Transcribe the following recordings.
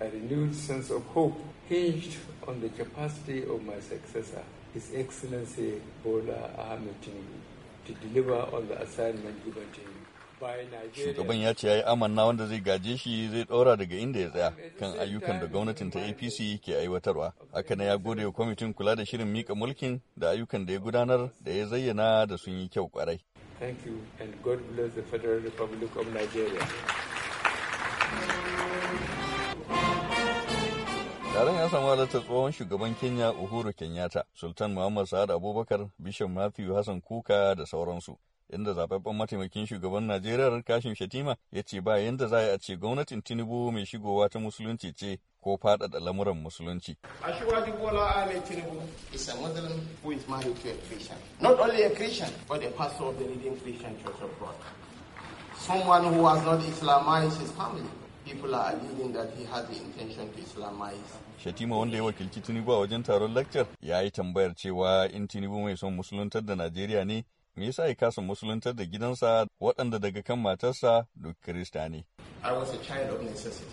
a renewed sense of hope hinged on the capacity of my successor, His Excellency Bola Ahmed Tinubu, to deliver on the assignment given to him. Shugaban ya ce ya yi amanna wanda zai gaje shi zai ɗora daga inda ya tsaya kan ayyukan da gwamnatin ta APC ke aiwatarwa. Haka na ya gode wa kwamitin kula da shirin mika mulkin da ayyukan da ya gudanar da ya zayyana da sun yi kyau kwarai. Thank you and God bless the Federal Republic of Nigeria. Taron ya samu halartar tsohon shugaban Kenya Uhuru Kenyatta, Sultan Muhammad Sa'ad Abubakar, Bishop Matthew Hassan Kuka da sauransu. Inda zababben mataimakin shugaban Najeriya Kashim Shatima ya ce ba yadda za a ce gwamnatin Tinubu mai shigowa ta musulunci ce ko faɗaɗa lamuran musulunci. Ashwadi Bola Ahmed Tinubu is a Muslim who is married to a Christian. Not only a Christian, but a pastor of the leading Christian church God Someone who has not Islamized his family. people are alleging that he has the intention to Islamize. Shatima wanda ya wakilci Tinubu a wajen taron lecture ya yi tambayar cewa in Tinubu mai son musuluntar da Najeriya ne me yasa ya kasa musuluntar da gidansa waɗanda daga kan matarsa duk Kirista ne. I was a child of necessity.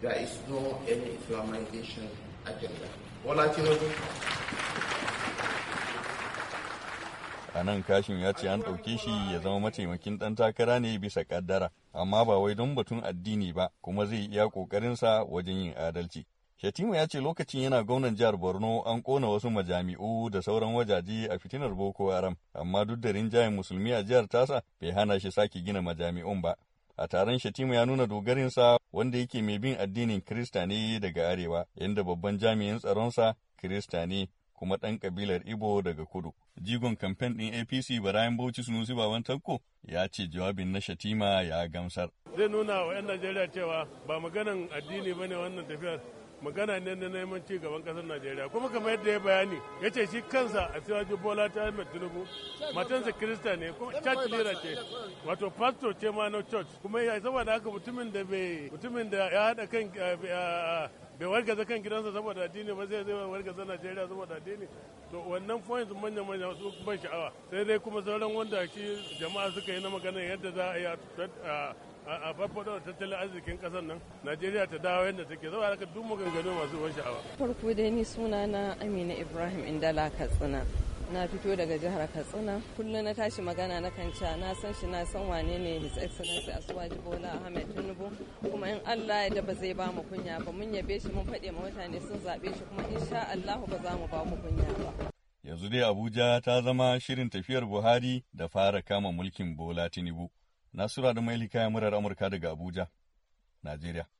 There is no any Islamization agenda. Bola Tinubu A nan kashin ya ce an ɗauke shi ya zama mataimakin ɗan takara ne bisa ƙaddara, amma ba wai don batun addini ba, kuma zai iya ƙoƙarinsa wajen yin adalci. Shatima ya ce lokacin yana gwamnan jihar Borno an ƙona wasu majami'u da sauran wajaje a fitinar Boko Haram, amma duk da rinjayen musulmi a jihar tasa bai hana shi sake gina majami'un ba. A taron Shatima ya nuna dogarinsa wanda yake mai bin addinin Kirista ne daga Arewa, inda babban jami'in tsaronsa Kirista ne kuma ɗan kabilar Ibo daga kudu. Jigon kamfen ɗin APC Barayin Bauchi Sunusi Baban Tanko ya ce jawabin na Shatima ya gamsar. Zai nuna wa 'yan Najeriya cewa ba maganan addini ba ne wannan tafiyar magana ne na neman ci gaban kasar Najeriya kuma kamar yadda ya bayani ya ce shi kansa a Siraju Bola ta Ahmed Tinubu matansa Kirista ne kuma church leader ce wato pastor ce ma na church kuma ya saboda haka mutumin da bai mutumin da ya haɗa kan eh, eh, bai wargaza kan gidansa saboda addini ba zai zai wargaza najeriya saboda addini to wannan points manya manya su ban sha'awa sai dai kuma sauran wanda shi jama'a suka yi na magana yadda za a yi a farfado da tattalin arzikin kasar nan najeriya ta dawo yadda take zama haka duk maganganu masu ban sha'awa farko dai ni suna na amina ibrahim indala katsina na fito daga jihar katsina kullum na tashi magana na kanca na san shi na san wane ne his excellency asuwaji bola ahmed Allah da ba zai ba mu kunya ba mun yabe shi mun faɗe ma mutane sun zaɓe shi kuma insha Allah ba za mu ba mu kunya ba. Yanzu dai Abuja ta zama shirin tafiyar Buhari da fara kama mulkin Bola Tinubu. Nasura da Mailika ya murar Amurka daga Abuja, Najeriya.